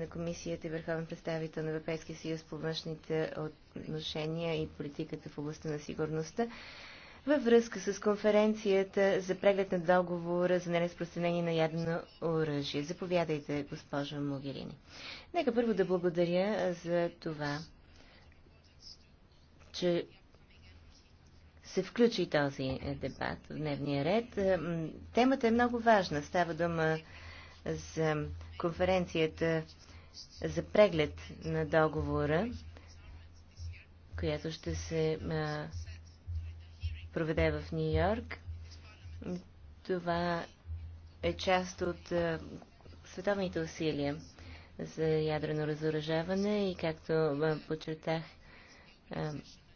на комисията и върховен представител на Европейския съюз по външните отношения и политиката в областта на сигурността във връзка с конференцията за преглед на договора за неразпространение на ядно оръжие. Заповядайте, госпожа Могерини. Нека първо да благодаря за това, че се включи този дебат в дневния ред. Темата е много важна. Става дума за конференцията за преглед на договора, която ще се проведе в Нью Йорк. Това е част от световните усилия за ядрено разоръжаване и както подчертах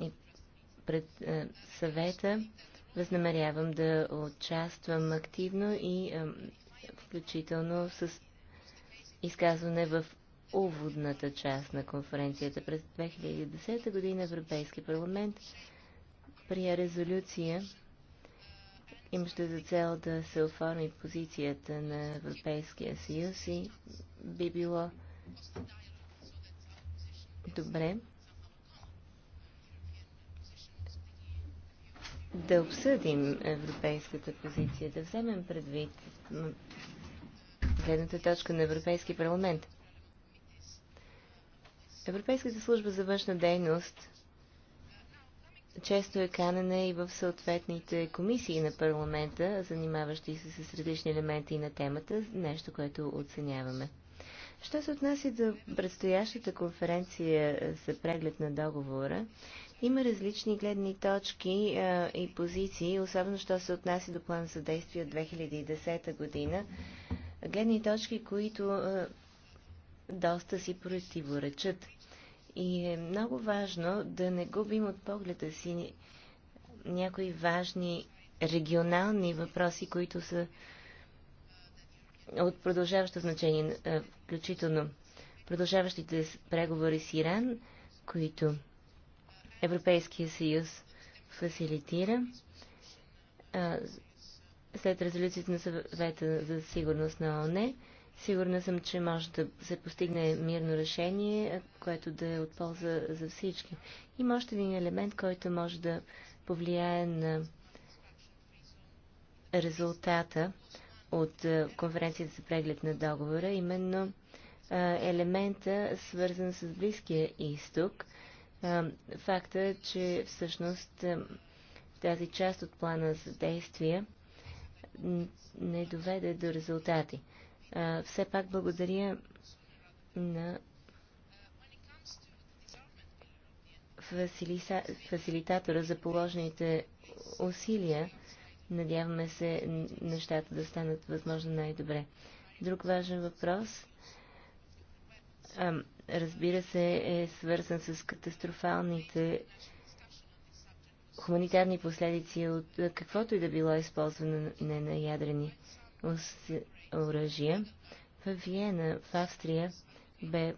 и пред съвета, възнамерявам да участвам активно и включително с изказване в уводната част на конференцията. През 2010 година Европейски парламент прия резолюция, имаща за цел да се оформи позицията на Европейския съюз и би било добре да обсъдим европейската позиция, да вземем предвид гледната точка на Европейски парламент. Европейската служба за външна дейност често е канена и в съответните комисии на парламента, занимаващи се с различни елементи на темата, нещо, което оценяваме. Що се отнася до предстоящата конференция за преглед на договора, има различни гледни точки а, и позиции, особено що се отнася до план за действие от 2010 година. Гледни точки, които а, доста си противоречат. И е много важно да не губим от погледа си някои важни регионални въпроси, които са от продължаващо значение, е, включително продължаващите преговори с Иран, които Европейския съюз фасилитира. След резолюцията на съвета за сигурност на ОНЕ, Сигурна съм, че може да се постигне мирно решение, което да е от полза за всички. Има още един елемент, който може да повлияе на резултата от е, конференцията за преглед на договора, именно е, елемента, свързан с Близкия изток. Е, факта е, че всъщност тази част от плана за действие не доведе до резултати. Все пак благодаря на фасилиса... фасилитатора за положените усилия. Надяваме се нещата да станат възможно най-добре. Друг важен въпрос, а, разбира се, е свързан с катастрофалните хуманитарни последици от каквото и да било използване на ядрени оръжия. В Виена, в Австрия, бе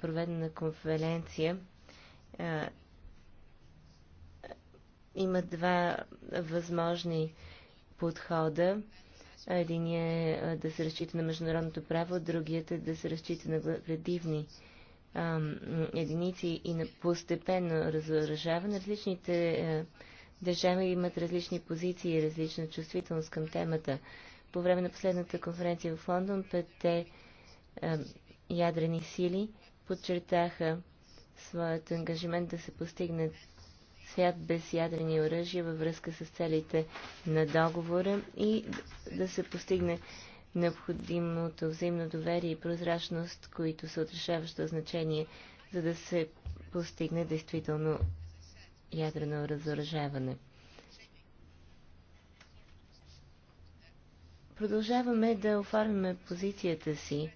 проведена конференция. Има два възможни подхода. Единият е да се разчита на международното право, другият е да се разчита на градивни единици и на постепенно разоръжаване. Различните държави имат различни позиции и различна чувствителност към темата по време на последната конференция в Лондон петте е, ядрени сили подчертаха своят ангажимент да се постигне свят без ядрени оръжия във връзка с целите на договора и да се постигне необходимото взаимно доверие и прозрачност, които са отрешаващо значение, за да се постигне действително ядрено разоръжаване. Продължаваме да оформяме позицията си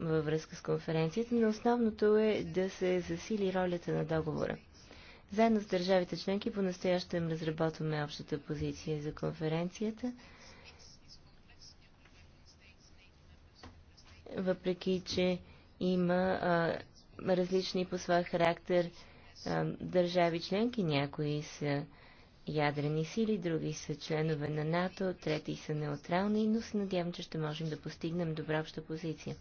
във връзка с конференцията, но основното е да се засили ролята на договора. Заедно с държавите членки по-настоящем разработваме общата позиция за конференцията. Въпреки, че има а, различни по своя характер а, държави членки, някои са ядрени сили, други са членове на НАТО, трети са неутрални, но се надявам, че ще можем да постигнем добра обща позиция.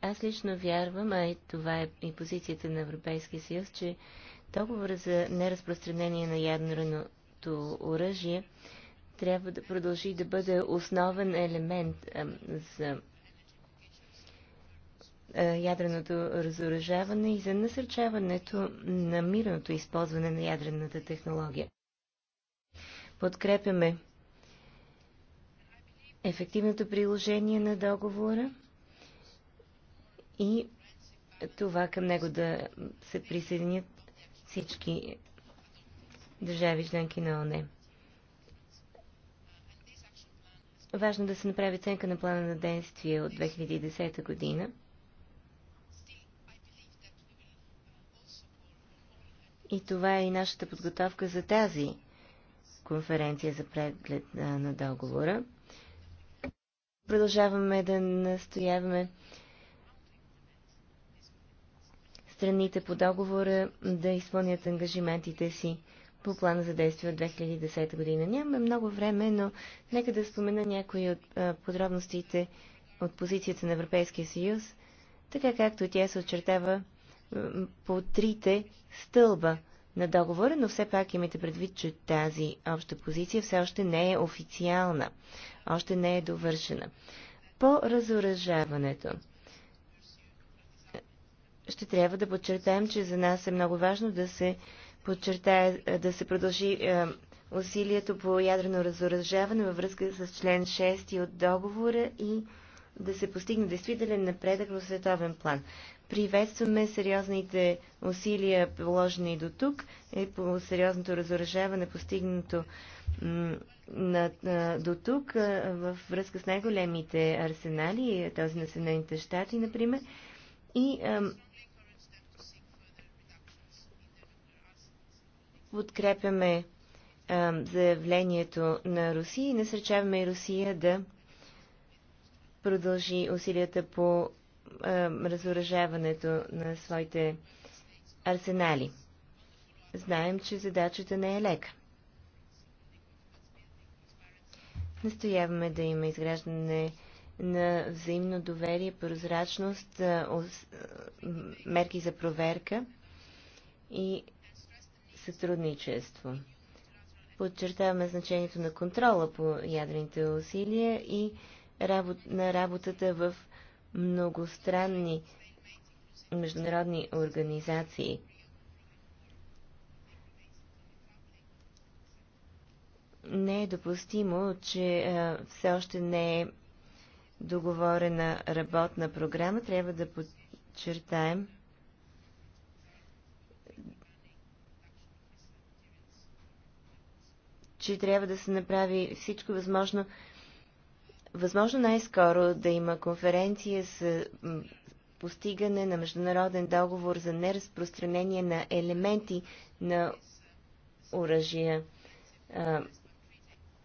Аз лично вярвам, а и това е и позицията на Европейския съюз, че договора за неразпространение на ядреното оръжие трябва да продължи да бъде основен елемент а, за е, ядреното разоръжаване и за насърчаването на мирното използване на ядрената технология. Подкрепяме ефективното приложение на договора и това към него да се присъединят всички държави членки на ОНЕ. Важно да се направи оценка на плана на действие от 2010 година И това е и нашата подготовка за тази конференция за преглед на договора. Продължаваме да настояваме страните по договора да изпълнят ангажиментите си по плана за действие от 2010 година. Нямаме много време, но нека да спомена някои от подробностите от позицията на Европейския съюз, така както тя се очертава по трите стълба на договора, но все пак имайте предвид, че тази обща позиция все още не е официална, още не е довършена. По разоръжаването. Ще трябва да подчертаем, че за нас е много важно да се подчертая, да се продължи е, усилието по ядрено разоръжаване във връзка с член 6 от договора и да се постигне действителен напредък в световен план. Приветстваме сериозните усилия, положени до тук, и по сериозното разоръжаване, постигнато на, на, до тук в връзка с най-големите арсенали, този на Съединените щати, например. И ам, подкрепяме заявлението на Русия и насърчаваме и Русия да продължи усилията по а, разоръжаването на своите арсенали. Знаем, че задачата не е лека. Настояваме да има изграждане на взаимно доверие, прозрачност, мерки за проверка и сътрудничество. Подчертаваме значението на контрола по ядрените усилия и работ, на работата в многостранни международни организации. Не е допустимо, че а, все още не е договорена работна програма. Трябва да подчертаем, че трябва да се направи всичко възможно възможно най-скоро да има конференция с постигане на международен договор за неразпространение на елементи на оръжия,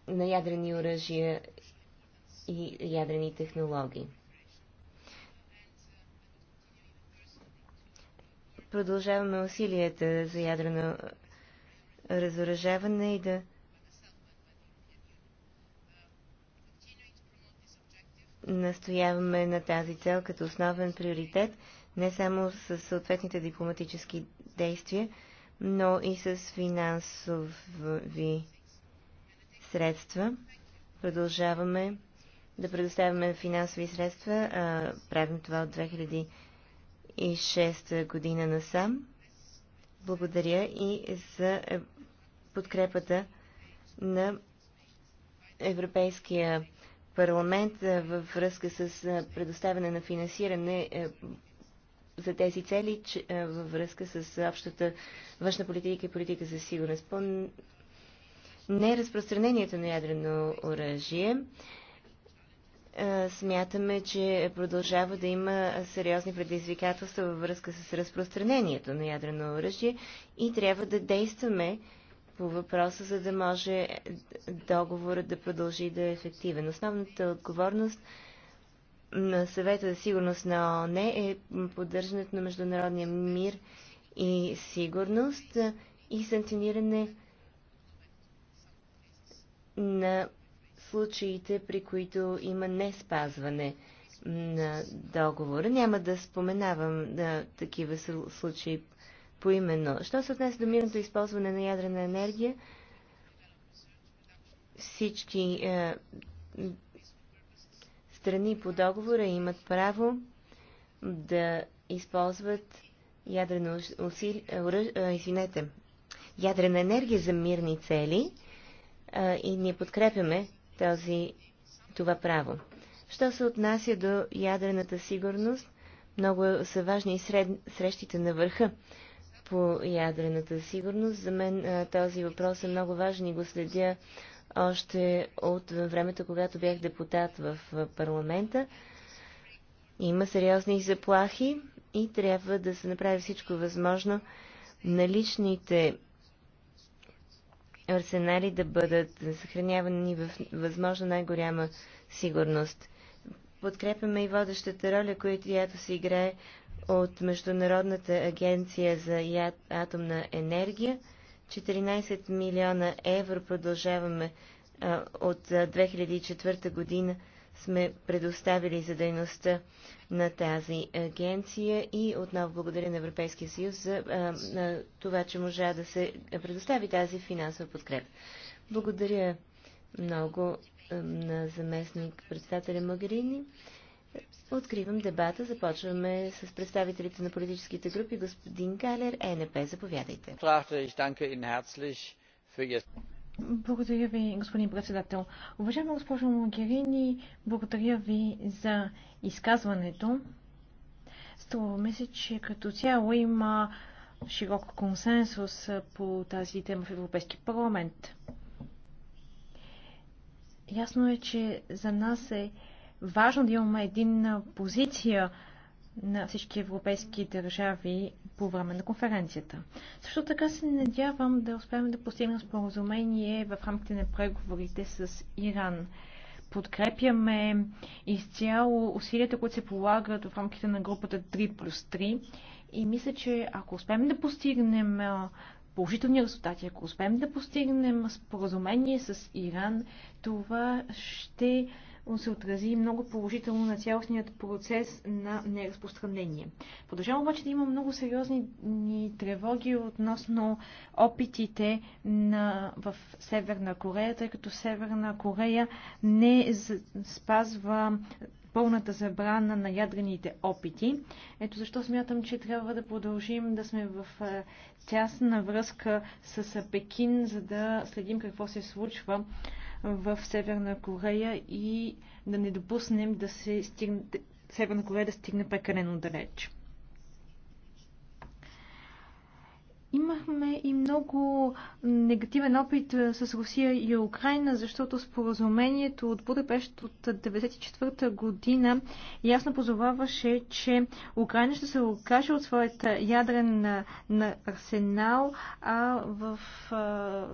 на ядрени оръжия и ядрени технологии. Продължаваме усилията за ядрено разоръжаване и да настояваме на тази цел като основен приоритет, не само с съответните дипломатически действия, но и с финансови средства. Продължаваме да предоставяме финансови средства. Правим това от 2006 година насам. Благодаря и за е, подкрепата на Европейския парламент във връзка с предоставяне на финансиране е, за тези цели във връзка с общата външна политика и политика за сигурност. По неразпространението на ядрено оръжие смятаме, че продължава да има сериозни предизвикателства във връзка с разпространението на ядрено оръжие и трябва да действаме по въпроса, за да може договорът да продължи да е ефективен. Основната отговорност на съвета за сигурност на ООН е поддържането на международния мир и сигурност и санкциониране на случаите, при които има не спазване на договора. Няма да споменавам да, такива случаи поименно. Що се отнесе до мирното използване на ядрена енергия, всички е, страни по договора имат право да използват ядрено усили... Е, е, извинете, ядрена енергия за мирни цели е, и ние подкрепяме този, това право. Що се отнася до ядрената сигурност, много са важни и сред, срещите на върха по ядрената сигурност. За мен този въпрос е много важен и го следя още от времето, когато бях депутат в парламента. Има сериозни заплахи и трябва да се направи всичко възможно наличните арсенали да бъдат съхранявани в възможно най-голяма сигурност подкрепяме и водещата роля, която се играе от Международната агенция за атомна енергия. 14 милиона евро продължаваме от 2004 година сме предоставили за дейността на тази агенция и отново благодаря на Европейския съюз за а, на това, че можа да се предостави тази финансова подкреп. Благодаря много на заместник председателя Магарини. Откривам дебата. Започваме с представителите на политическите групи. Господин Калер, ЕНП, заповядайте. Благодаря ви, господин председател. Уважаема госпожо Могерини, благодаря ви за изказването. Струваме се, че като цяло има широк консенсус по тази тема в Европейски парламент. Ясно е, че за нас е важно да имаме един позиция на всички европейски държави по време на конференцията. Също така се надявам да успеем да постигнем споразумение в рамките на преговорите с Иран. Подкрепяме изцяло усилията, които се полагат в рамките на групата 3 плюс 3 и мисля, че ако успеем да постигнем положителни резултати. Ако успеем да постигнем споразумение с Иран, това ще се отрази много положително на цялостният процес на неразпространение. Продължавам обаче да има много сериозни тревоги относно опитите на, в Северна Корея, тъй като Северна Корея не спазва пълната забрана на ядрените опити. Ето защо смятам, че трябва да продължим да сме в е, тясна връзка с е, Пекин, за да следим какво се случва в Северна Корея и да не допуснем да се стигне, Северна Корея да стигне прекалено далеч. Имахме и много негативен опит с Русия и Украина, защото споразумението от Будапешт от 1994 година ясно позоваваше, че Украина ще се окаже от своят ядрен на, на арсенал, а в а,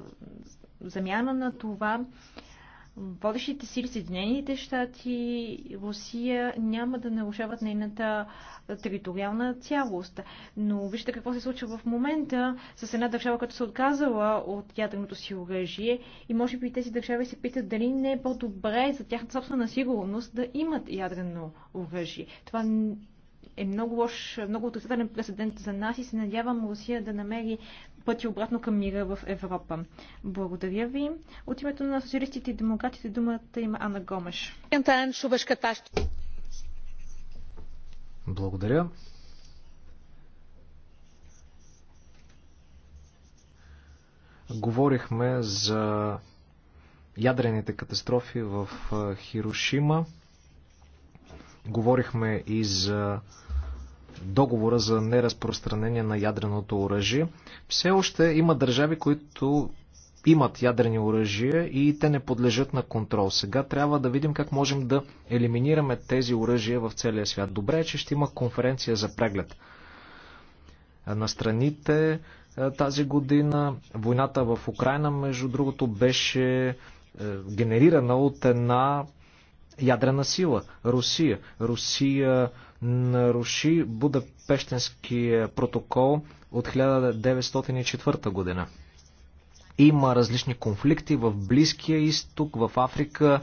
замяна на това водещите сили Съединените щати, Русия няма да нарушават нейната териториална цялост. Но вижте какво се случва в момента с една държава, която се отказала от ядреното си оръжие и може би тези държави се питат дали не е по-добре за тяхната собствена сигурност да имат ядрено оръжие. Това е много лош, много отрицателен прецедент за нас и се надявам Русия да намери пъти обратно към мира в Европа. Благодаря ви. От името на социалистите и демократите думата има Ана Гомеш. Благодаря. Говорихме за ядрените катастрофи в Хирошима. Говорихме и за договора за неразпространение на ядреното оръжие. Все още има държави, които имат ядрени оръжия и те не подлежат на контрол. Сега трябва да видим как можем да елиминираме тези оръжия в целия свят. Добре е, че ще има конференция за преглед на страните е, тази година. Войната в Украина, между другото, беше е, генерирана от една ядрена сила. Русия. Русия наруши Будапештенския протокол от 1904 година. Има различни конфликти в Близкия изток, в Африка.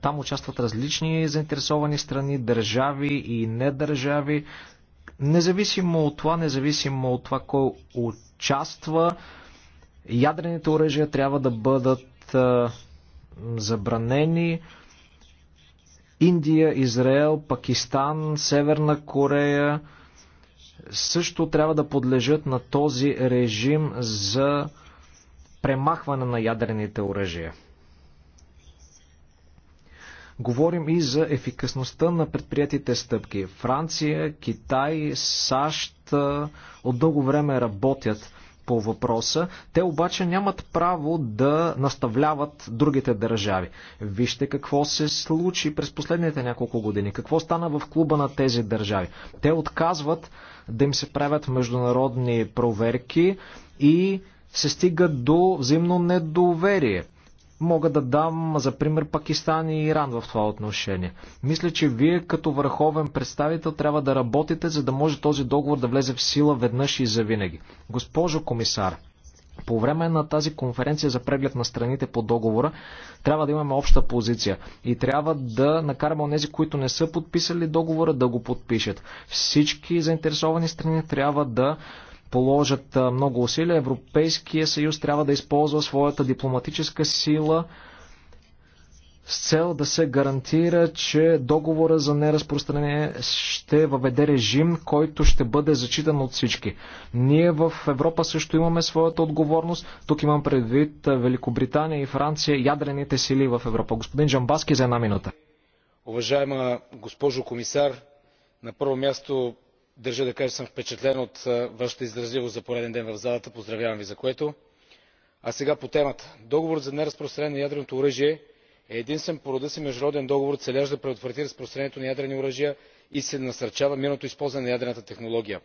Там участват различни заинтересовани страни, държави и недържави. Независимо от това, независимо от това кой участва, ядрените оръжия трябва да бъдат забранени. Индия, Израел, Пакистан, Северна Корея също трябва да подлежат на този режим за премахване на ядрените оръжия. Говорим и за ефикасността на предприятите стъпки. Франция, Китай, САЩ от дълго време работят по въпроса. Те обаче нямат право да наставляват другите държави. Вижте какво се случи през последните няколко години. Какво стана в клуба на тези държави. Те отказват да им се правят международни проверки и се стига до взаимно недоверие. Мога да дам за пример Пакистан и Иран в това отношение. Мисля, че вие като върховен представител трябва да работите, за да може този договор да влезе в сила веднъж и завинаги. Госпожо комисар, по време на тази конференция за преглед на страните по договора трябва да имаме обща позиция и трябва да накараме онези, които не са подписали договора, да го подпишат. Всички заинтересовани страни трябва да положат много усилия. Европейския съюз трябва да използва своята дипломатическа сила с цел да се гарантира, че договора за неразпространение ще въведе режим, който ще бъде зачитан от всички. Ние в Европа също имаме своята отговорност. Тук имам предвид Великобритания и Франция, ядрените сили в Европа. Господин Джамбаски за една минута. Уважаема госпожо комисар, на първо място държа да кажа че съм впечатлен от вашата издръжливост за пореден ден в залата поздравявам ви за което! а сега по темата. договорът за неразпространение на ядреното оръжие е единствен по рода си международен договор целящ да предотврати разпространението на ядрени оръжия и се насърчава мирното използване на ядрената технология.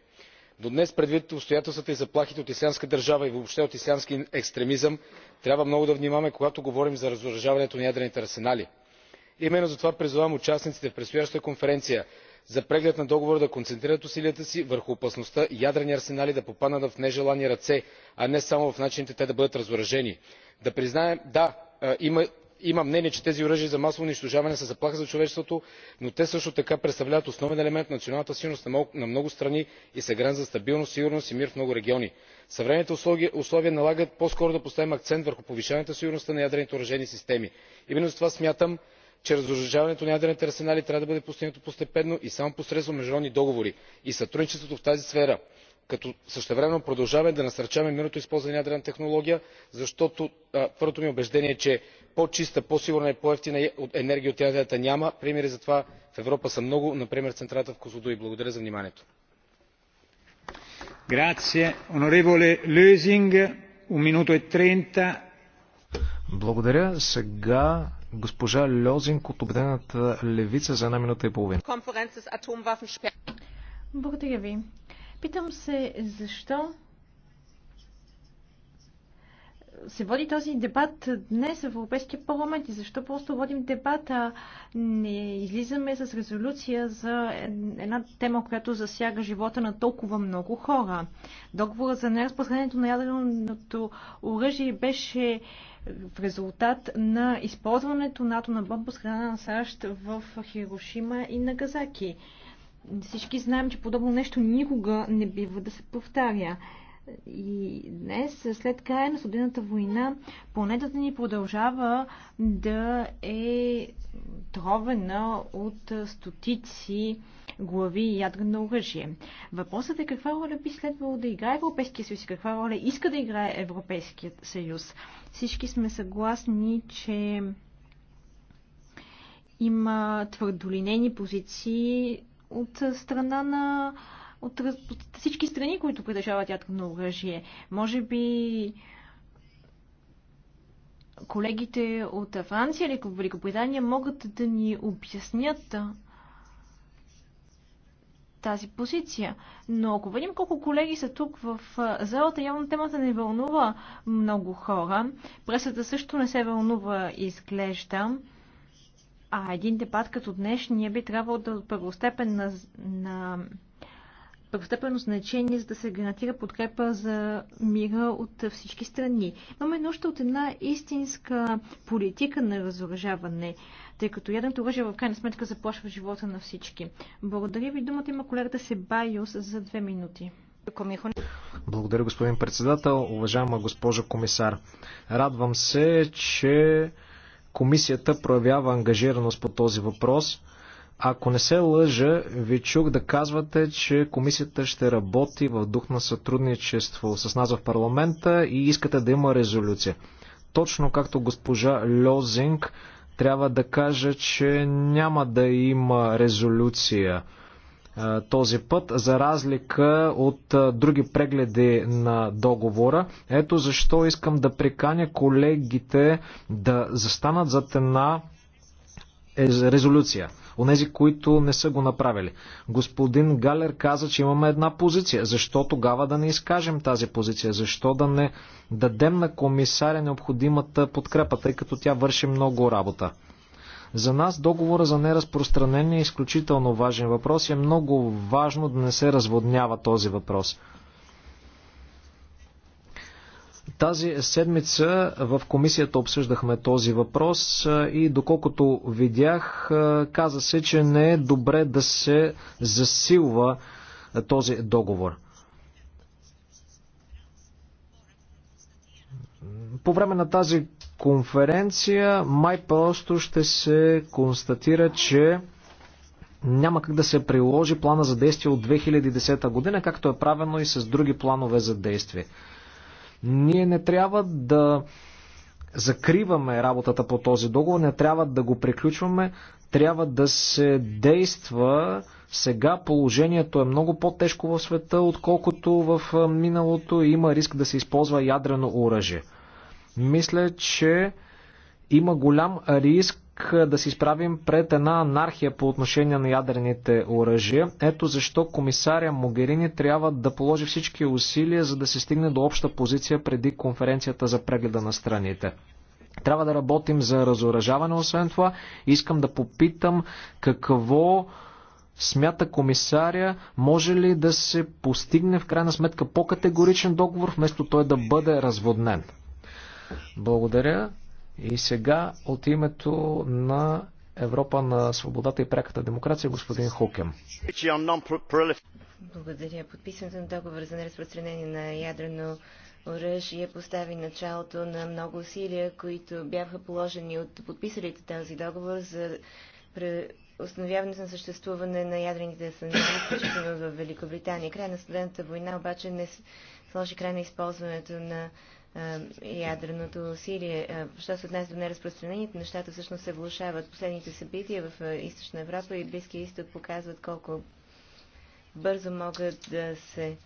но днес предвид обстоятелствата и заплахите от ислямска държава и въобще от ислямски екстремизъм трябва много да внимаваме когато говорим за разоръжаването на ядрените арсенали. именно затова призовавам участниците в предстоящата конференция за преглед на договора да концентрират усилията си върху опасността ядрени арсенали да попаднат в нежелани ръце а не само в начините те да бъдат разоръжени. да признаем да има мнение че тези оръжия за масово унищожаване са заплаха за човечеството но те също така представляват основен елемент в националната сигурност на много страни и са гарант за стабилност сигурност и мир в много региони. съвременните условия налагат по скоро да поставим акцент върху повишаването сигурността на ядрените оръжейни системи. именно затова смятам че разоръжаването на ядрените арсенали трябва да бъде постигнато постепенно и само посредством международни договори и сътрудничество в тази сфера като същевременно продължаваме да насърчаваме мирното използване на ядрена технология защото твърдото ми убеждение е че по чиста по сигурна и по евтина е, енергия от ядрената няма. примери за това в европа са много например централата в козлодуй. благодаря за вниманието. благодаря. сега Госпожа Льозинг от Обедената левица за една минута и половина. Благодаря ви. Питам се защо се води този дебат днес в Европейския парламент и защо просто водим дебата, не излизаме с резолюция за една тема, която засяга живота на толкова много хора. Договора за неразпространението на ядреното оръжие беше в резултат на използването на атомна бомба с храна на САЩ в Хирошима и Нагазаки. Всички знаем, че подобно нещо никога не бива да се повтаря. И днес, след края на студената война, планетата ни продължава да е тровена от стотици глави и ядрено оръжие. Въпросът е каква роля би следвало да играе Европейския съюз и каква роля иска да играе Европейският съюз. Всички сме съгласни, че има твърдолинени позиции от страна на от, от всички страни, които притежават ядрено оръжие. Може би колегите от Франция или Великобритания могат да ни обяснят тази позиция. Но ако видим колко колеги са тук в залата, явно темата не вълнува много хора. Пресата също не се вълнува, изглежда. А един дебат като днешния би трябвало да е първостепенна на, на първостепенно значение, за да се гарантира подкрепа за мира от всички страни. Имаме нужда от една истинска политика на разоръжаване, тъй като яденото оръжие в крайна сметка заплашва живота на всички. Благодаря ви. Думата има колегата Себайос за две минути. Благодаря, господин председател. Уважаема госпожа комисар, радвам се, че комисията проявява ангажираност по този въпрос. Ако не се лъжа, ви чух да казвате, че комисията ще работи в дух на сътрудничество с нас в парламента и искате да има резолюция. Точно както госпожа Льозинг, трябва да кажа, че няма да има резолюция този път, за разлика от други прегледи на договора. Ето защо искам да приканя колегите да застанат зад една резолюция онези, които не са го направили. Господин Галер каза, че имаме една позиция. Защо тогава да не изкажем тази позиция? Защо да не дадем на комисаря необходимата подкрепа, тъй като тя върши много работа? За нас договора за неразпространение е изключително важен въпрос и е много важно да не се разводнява този въпрос. Тази седмица в комисията обсъждахме този въпрос и доколкото видях, каза се, че не е добре да се засилва този договор. По време на тази конференция май просто ще се констатира, че няма как да се приложи плана за действие от 2010 година, както е правено и с други планове за действие. Ние не трябва да закриваме работата по този договор, не трябва да го приключваме, трябва да се действа. Сега положението е много по-тежко в света, отколкото в миналото и има риск да се използва ядрено оръжие. Мисля, че има голям риск да се изправим пред една анархия по отношение на ядрените оръжия. Ето защо комисаря Могерини трябва да положи всички усилия, за да се стигне до обща позиция преди конференцията за прегледа на страните. Трябва да работим за разоръжаване, освен това. Искам да попитам какво смята комисаря, може ли да се постигне в крайна сметка по-категоричен договор, вместо той да бъде разводнен. Благодаря. И сега от името на Европа на свободата и пряката демокрация, господин Хукем. Благодаря. Подписването на договор за неразпространение на ядрено оръжие постави началото на много усилия, които бяха положени от подписалите този договор за установяването на съществуване на ядрените санкции, включително в Великобритания. Край на студената война обаче не сложи край на използването на е, ядреното усилие. Е, що се отнася до неразпространението, нещата всъщност се влушават. Последните събития в е, Източна Европа и Близкия изток показват колко бързо могат да се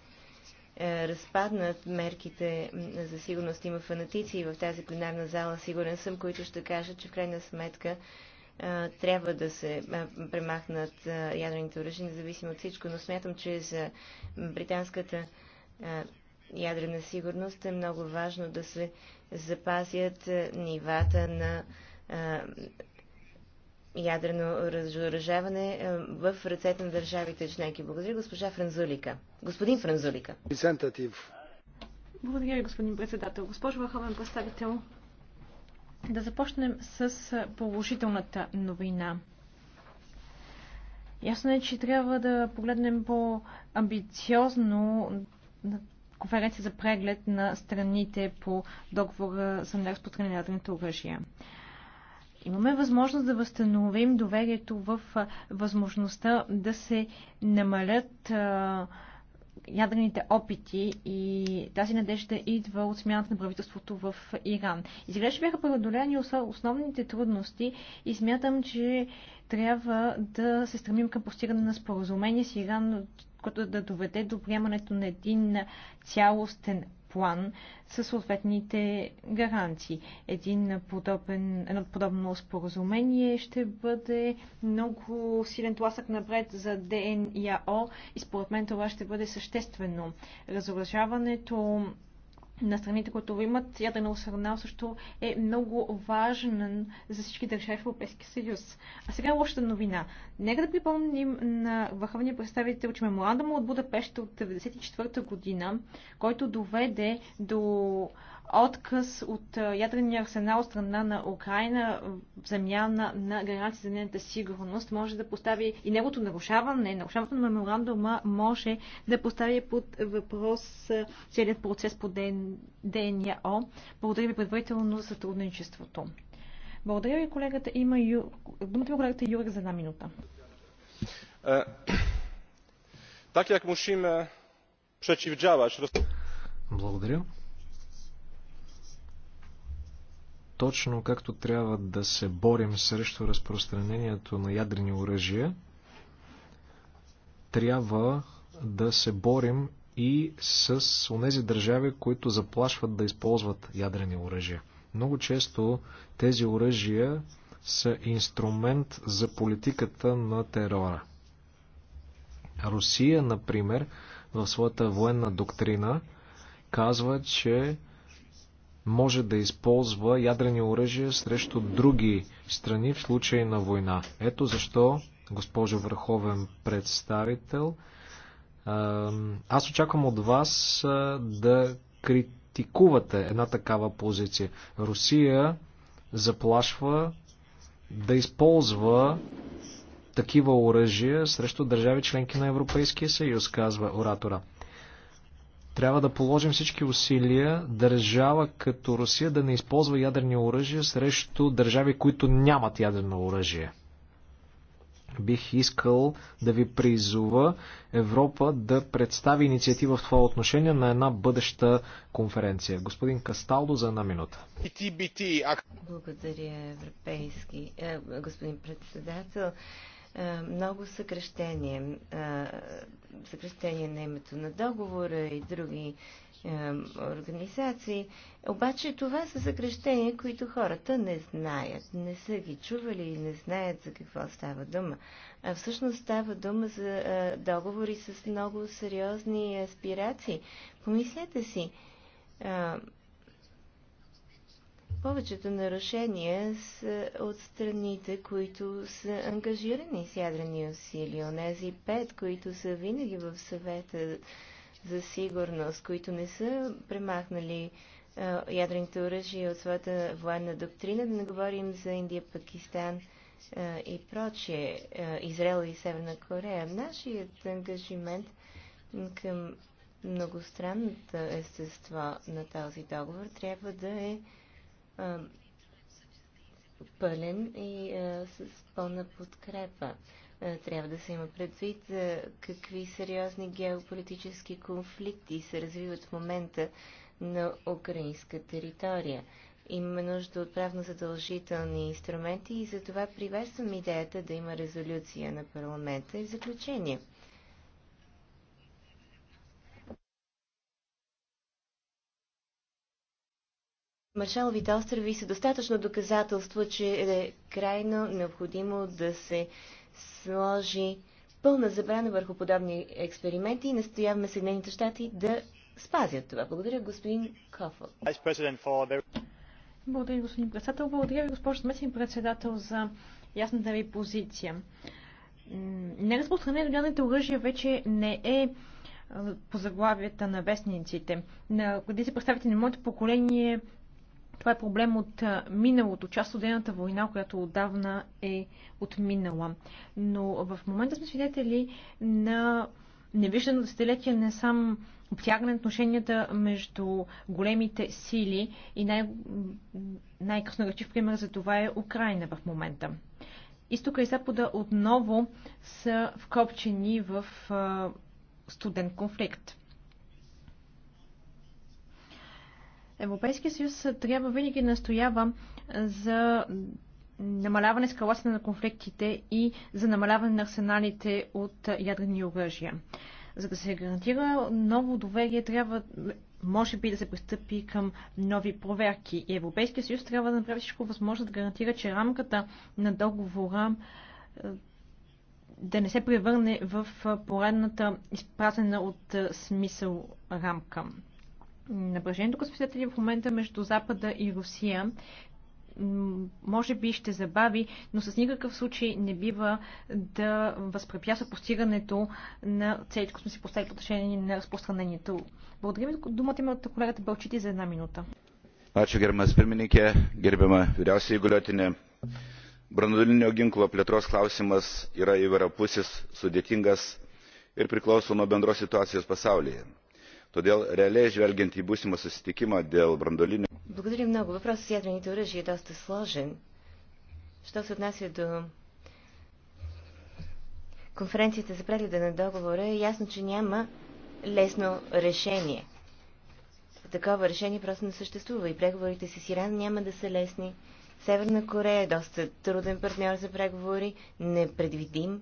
разпаднат мерките за сигурност. Има фанатици в тази пленарна зала, сигурен съм, които ще кажат, че в крайна сметка трябва да се премахнат ядрените оръжия, независимо от всичко, но смятам, че за британската ядрена сигурност е много важно да се запазят е, нивата на е, ядрено разоръжаване е, в ръцете на държавите членки. Благодаря, госпожа Франзулика. Господин Франзулика. Благодаря ви, господин председател. Госпожо Върховен представител, да започнем с положителната новина. Ясно е, че трябва да погледнем по-амбициозно на конференция за преглед на страните по договора за неразпространените оръжия. Имаме възможност да възстановим доверието в възможността да се намалят ядрените опити и тази надежда идва от смяната на правителството в Иран. Изглежда бяха преодолени основните трудности и смятам, че трябва да се стремим към постигане на споразумение с Иран което да доведе до приемането на един цялостен план със съответните гаранции. Един подобен, едно подобно споразумение ще бъде много силен тласък напред за ДНИАО, и според мен това ще бъде съществено. Разоръжаването на страните, които имат ядрено арсенал, също е много важен за всички държави в Европейския съюз. А сега е лошата новина. Нека да припомним на върховния представител, че меморандума от Будапешта от 1994 година, който доведе до отказ от ядрения арсенал от страна на Украина в замяна на гаранции за нейната сигурност може да постави и неговото нарушаване, нарушаването на меморандума може да постави под въпрос целият процес по ДНЯО. Е Благодаря ви предварително за сътрудничеството. Благодаря ви, колегата. Има Ю... Думата ви, колегата Юрик за една минута. Е, так як мусим е, противодействовать. Благодарю. точно както трябва да се борим срещу разпространението на ядрени оръжия, трябва да се борим и с онези държави, които заплашват да използват ядрени оръжия. Много често тези оръжия са инструмент за политиката на терора. Русия, например, в своята военна доктрина казва, че може да използва ядрени оръжия срещу други страни в случай на война. Ето защо, госпожо Върховен представител, аз очаквам от вас да критикувате една такава позиция. Русия заплашва да използва такива оръжия срещу държави членки на Европейския съюз, казва оратора. Трябва да положим всички усилия държава като Русия да не използва ядрени оръжия срещу държави, които нямат ядрено оръжие. Бих искал да ви призова Европа да представи инициатива в това отношение на една бъдеща конференция. Господин Касталдо за една минута. Благодаря, европейски, е, господин председател е, много съкрещение съкръщение на името на договора и други е, организации. Обаче това са съкръщения, които хората не знаят, не са ги чували и не знаят за какво става дума. А всъщност става дума за е, договори с много сериозни аспирации. Помислете си, е, повечето нарушения са от страните, които са ангажирани с ядрени усилия. Онези пет, които са винаги в съвета за сигурност, които не са премахнали ядрените оръжия от своята военна доктрина, да не говорим за Индия, Пакистан и прочие, Израел и Северна Корея. Нашият ангажимент към многостранното естество на този договор трябва да е пълен и а, с пълна подкрепа. А, трябва да се има предвид а, какви сериозни геополитически конфликти се развиват в момента на украинска територия. Имаме нужда от правно задължителни инструменти и за това приветствам идеята да има резолюция на парламента и заключение – Маршаловите острови са достатъчно доказателство, че е крайно необходимо да се сложи пълна забрана върху подобни експерименти и настояваме Съединените щати да спазят това. Благодаря, господин Кофъл. Благодаря, господин председател. Благодаря ви, госпожо заместник председател, за ясната ви позиция. Неразпространението на ядрените оръжия вече не е по заглавията на вестниците. На се представите на моето поколение това е проблем от миналото, част от дената война, която отдавна е отминала. Но в момента сме свидетели на невиждано десетилетие не сам обтягане отношенията между големите сили и най- най пример за това е Украина в момента. Изтока и Запада отново са вкопчени в студен конфликт. Европейския съюз трябва винаги настоява за намаляване скаласане на конфликтите и за намаляване на арсеналите от ядрени оръжия. За да се гарантира ново доверие, трябва може би да се пристъпи към нови проверки. И Европейския съюз трябва да направи всичко възможно да гарантира, че рамката на договора е, да не се превърне в поредната изпратена от е, смисъл рамка напрежението, като свидетели в момента между Запада и Русия, може би ще забави, но с никакъв случай не бива да възпрепятства постигането на целите, които сме си поставили по отношение на разпространението. Благодаря Думата има от колегата Бълчити за една минута. Ačiū gerbiamas pirmininkė, gerbiama vyriausiai įgaliotinė. Branduolinio ginklo plėtros klausimas yra įvairapusis, sudėtingas ir priklauso nuo bendros situacijos pasaulyje Todėl realiai žvelgiant į būsimą susitikimą dėl brandolinio... Благодаря много. Въпросът с ядрените оръжия е доста сложен. Що се отнася до конференцията за прегледа на договора, е ясно, че няма лесно решение. Такова решение просто не съществува и преговорите с Иран няма да са лесни. Северна Корея е доста труден партньор за преговори, непредвидим.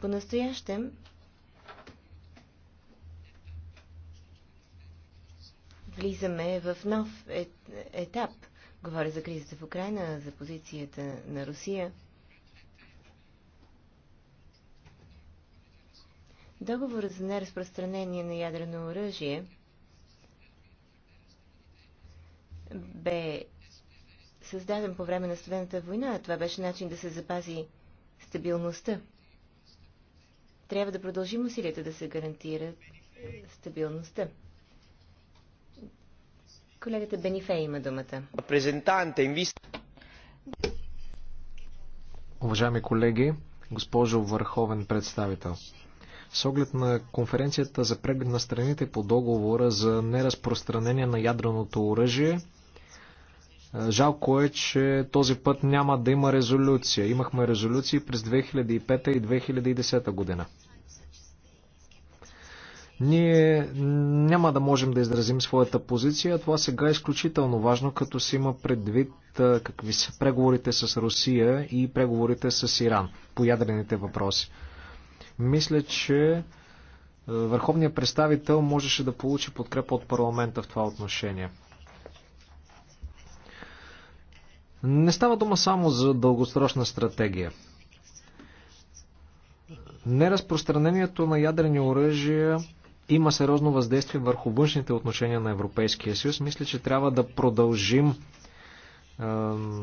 По-настоящем влизаме в нов е, етап. Говоря за кризата в Украина, за позицията на Русия. Договор за неразпространение на ядрено оръжие бе създаден по време на Студената война. Това беше начин да се запази стабилността. Трябва да продължим усилията да се гарантира стабилността. Колегата Бенифе има думата. Уважаеми колеги, госпожо Върховен представител, с оглед на конференцията за преглед на страните по договора за неразпространение на ядреното оръжие, Жалко е, че този път няма да има резолюция. Имахме резолюции през 2005 и 2010 година. Ние няма да можем да изразим своята позиция. Това сега е изключително важно, като се има предвид какви са преговорите с Русия и преговорите с Иран по ядрените въпроси. Мисля, че върховният представител можеше да получи подкрепа от парламента в това отношение. Не става дума само за дългосрочна стратегия. Неразпространението на ядрени оръжия има сериозно въздействие върху външните отношения на Европейския съюз. Мисля, че трябва да продължим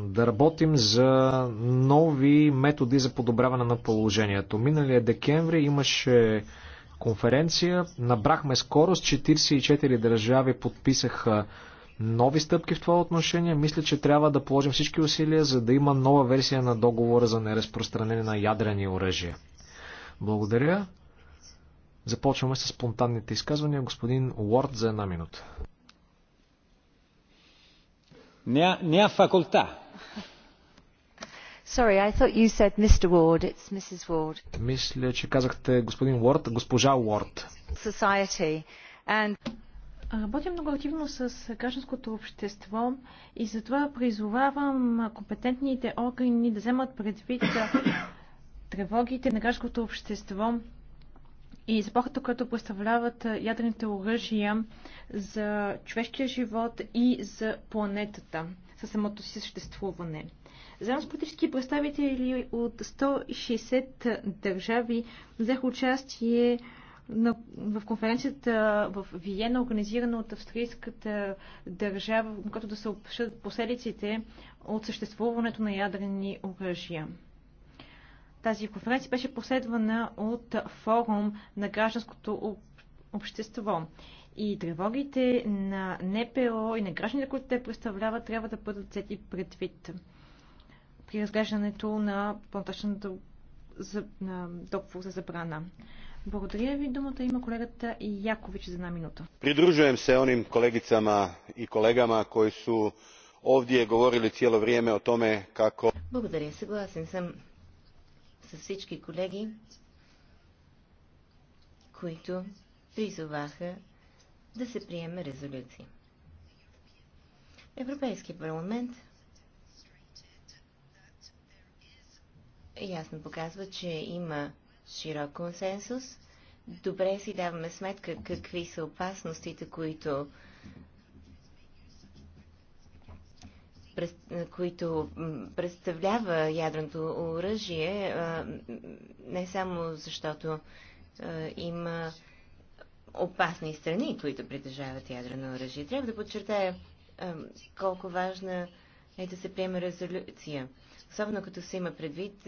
да работим за нови методи за подобряване на положението. Миналия декември имаше конференция, набрахме скорост, 44 държави подписаха нови стъпки в това отношение. Мисля, че трябва да положим всички усилия, за да има нова версия на договора за неразпространение на ядрени оръжия. Благодаря. Започваме с спонтанните изказвания. Господин Уорд за една минута. Неа факулта. Sorry, I thought you said Mr. Ward. It's Mrs. Ward. Мисля, че казахте господин Уорд, госпожа Уорд. Society. And... Работя много активно с гражданското общество и затова призовавам компетентните органи да вземат предвид тревогите на гражданското общество и заплахата, която представляват ядрените оръжия за човешкия живот и за планетата, със самото си съществуване. Заедно с политически представители от 160 държави взеха участие на, в конференцията в Виена, организирана от австрийската държава, на която да се обсъдят последиците от съществуването на ядрени оръжия. Тази конференция беше последвана от форум на гражданското общество. И тревогите на НПО и на гражданите, които те представляват, трябва да бъдат взети предвид при разглеждането на по-нататъчното за, договор за забрана. Благодаря ви. Думата има колегата Якович за една минута. Придружувам се оним колегицама и колегама, кои са овде говорили cijelo време о томе како... Благодаря. Съгласен съм с всички колеги, които призоваха да се приеме резолюции. Европейски парламент ясно показва, че има широк консенсус. Добре си даваме сметка какви са опасностите, които които представлява ядреното оръжие, не само защото има опасни страни, които притежават ядрено оръжие. Трябва да подчертая колко важна е да се приеме резолюция. Особено като се има предвид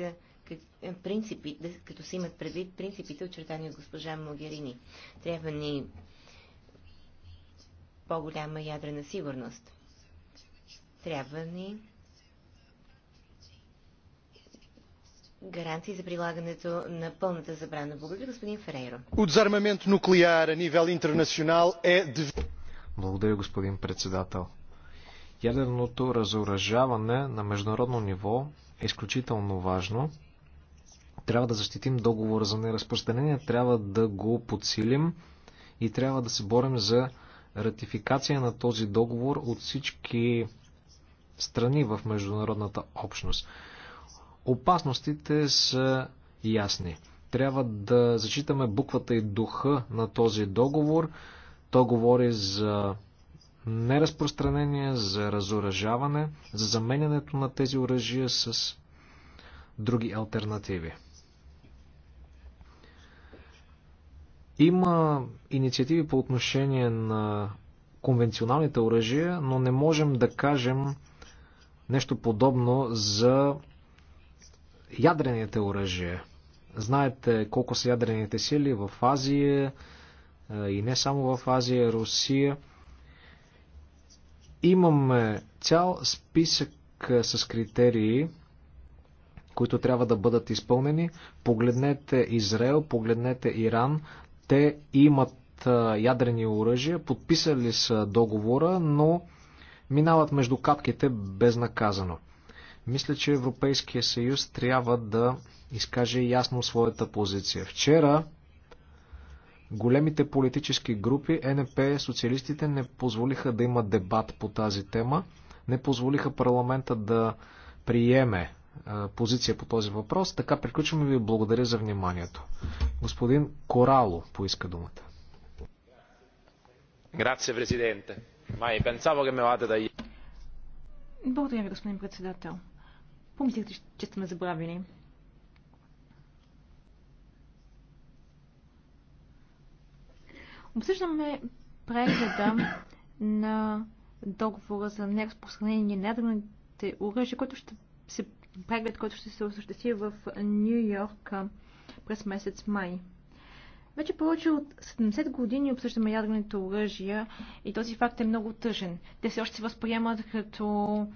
принципите, като се имат предвид принципите, очертани от госпожа Могерини. Трябва ни по-голяма ядрена сигурност. Трябва ни гаранции за прилагането на пълната забрана. Благодаря, господин Ферейро. Отзармамент нуклеар на нивел интернационал е... Благодаря, господин председател. Ядерното разоръжаване на международно ниво е изключително важно. Трябва да защитим договора за неразпространение, трябва да го подсилим и трябва да се борим за ратификация на този договор от всички страни в международната общност. Опасностите са ясни. Трябва да зачитаме буквата и духа на този договор. То говори за неразпространение, за разоръжаване, за заменянето на тези оръжия с други альтернативи. Има инициативи по отношение на конвенционалните оръжия, но не можем да кажем, нещо подобно за ядрените оръжия. Знаете колко са ядрените сили в Азия е, и не само в Азия, Русия. Имаме цял списък е, с критерии, които трябва да бъдат изпълнени. Погледнете Израел, погледнете Иран. Те имат е, ядрени оръжия, подписали са договора, но минават между капките безнаказано. Мисля, че Европейския съюз трябва да изкаже ясно своята позиция. Вчера големите политически групи, НП, социалистите, не позволиха да има дебат по тази тема, не позволиха парламента да приеме е, позиция по този въпрос. Така приключваме ви. Благодаря за вниманието. Господин Корало поиска думата. Грация, президенте. Благодаря ви, господин председател. Помислихте, че сте ме забравили. Обсъждаме прегледа на договора за неразпространение на ядрените оръжия, който ще се преглед, който ще се осъществи в Нью Йорк през месец май. Вече повече от 70 години обсъждаме ядрените оръжия и този факт е много тъжен. Те все още се възприемат като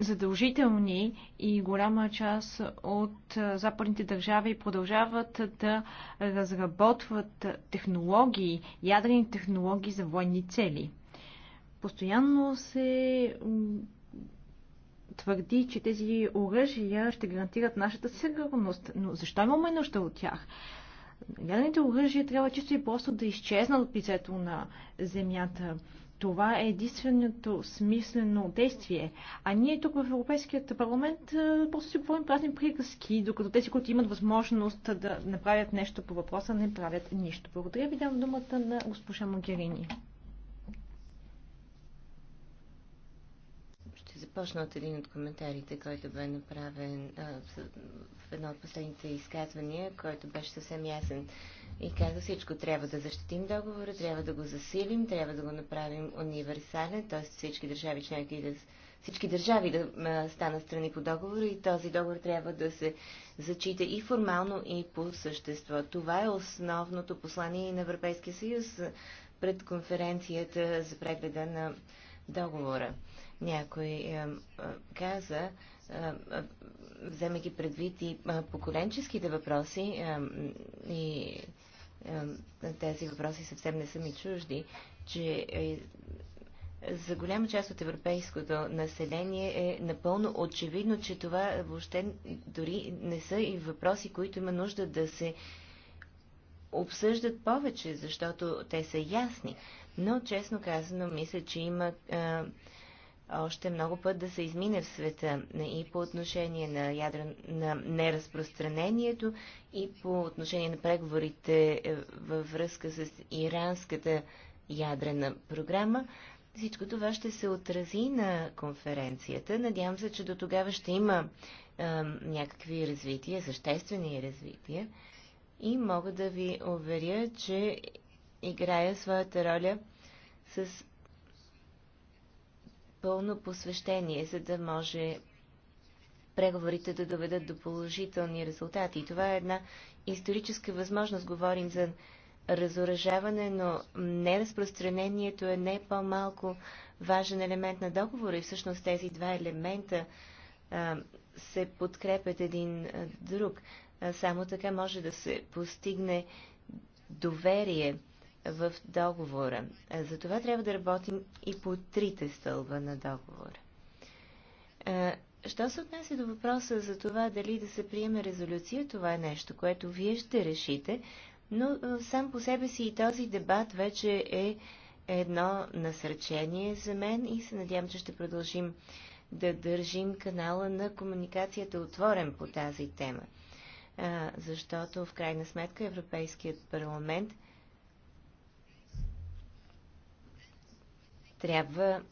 задължителни и голяма част от западните държави продължават да разработват технологии, ядрени технологии за военни цели. Постоянно се твърди, че тези оръжия ще гарантират нашата сигурност. Но защо имаме нужда от тях? Ядрените оръжия трябва чисто и просто да изчезнат от лицето на Земята. Това е единственото смислено действие. А ние тук в Европейският парламент просто си говорим празни приказки, докато тези, които имат възможност да направят нещо по въпроса, не правят нищо. Благодаря ви, дам думата на госпожа Магерини. започна от един от коментарите, който бе направен а, в едно от последните изказвания, който беше съвсем ясен и каза всичко. Трябва да защитим договора, трябва да го засилим, трябва да го направим универсален, т.е. всички държави членки да всички държави да станат страни по договора и този договор трябва да се зачита и формално, и по същество. Това е основното послание на Европейския съюз пред конференцията за прегледа на договора. Някой е, е, каза, е, вземайки предвид и поколенческите въпроси, и тези въпроси съвсем не са ми чужди, че за голяма част от европейското население е напълно очевидно, че това въобще дори не са и въпроси, които има нужда да се обсъждат повече, защото те са ясни. Но, честно казано, мисля, че има а, още много път да се измине в света и по отношение на, ядро, на неразпространението и по отношение на преговорите е, във връзка с иранската ядрена програма. Всичко това ще се отрази на конференцията. Надявам се, че до тогава ще има е, някакви развития, съществени развития. И мога да ви уверя, че играя своята роля с пълно посвещение, за да може преговорите да доведат до положителни резултати. И това е една историческа възможност. Говорим за разоръжаване, но неразпространението е не по-малко важен елемент на договора и всъщност тези два елемента а, се подкрепят един друг. А, само така може да се постигне доверие в договора. Е, за това трябва да работим и по трите стълба на договора. Е, що се отнася до въпроса за това дали да се приеме резолюция, това е нещо, което вие ще решите, но е, сам по себе си и този дебат вече е едно насречение за мен и се надявам, че ще продължим да държим канала на комуникацията отворен по тази тема. защото в крайна сметка Европейският парламент трябва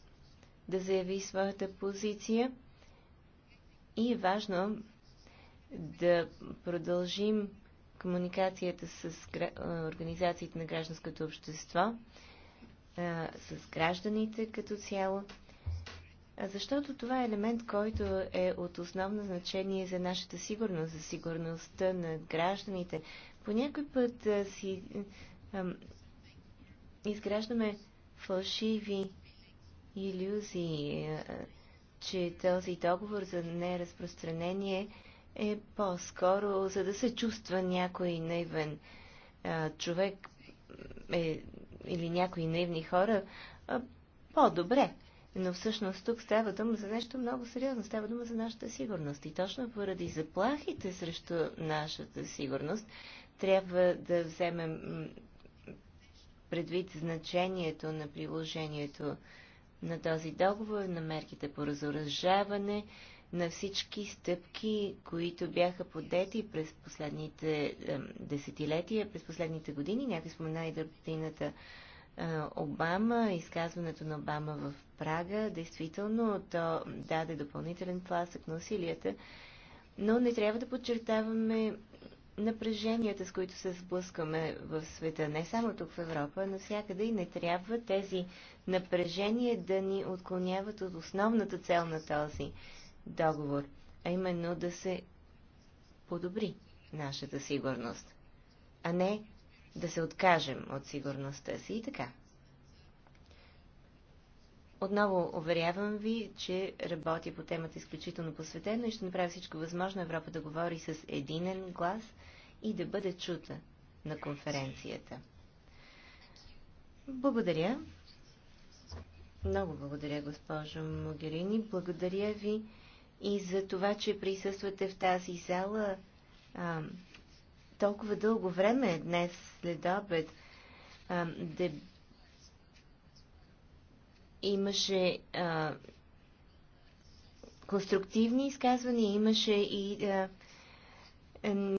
да заяви своята позиция и е важно да продължим комуникацията с организациите на гражданското общество, с гражданите като цяло, защото това е елемент, който е от основно значение за нашата сигурност, за сигурността на гражданите. По някой път си изграждаме фалшиви иллюзии, че този договор за неразпространение е по-скоро за да се чувства някой наивен човек е, или някои наивни хора по-добре. Но всъщност тук става дума за нещо много сериозно. Става дума за нашата сигурност. И точно поради заплахите срещу нашата сигурност трябва да вземем предвид значението на приложението на този договор, на мерките по разоръжаване, на всички стъпки, които бяха подети през последните е, десетилетия, през последните години. Някой спомена и дърптината е, Обама, изказването на Обама в Прага. Действително, то даде допълнителен пласък на усилията, но не трябва да подчертаваме напреженията, с които се сблъскаме в света, не само тук в Европа, навсякъде и не трябва тези напрежения да ни отклоняват от основната цел на този договор, а именно да се подобри нашата сигурност, а не да се откажем от сигурността си и така. Отново уверявам ви, че работя по темата изключително посветено и ще направя всичко възможно Европа да говори с единен глас и да бъде чута на конференцията. Благодаря. Много благодаря, госпожо Могерини. Благодаря ви и за това, че присъствате в тази зала а, толкова дълго време днес след обед. А, деб Имаше а, конструктивни изказвания, имаше и а,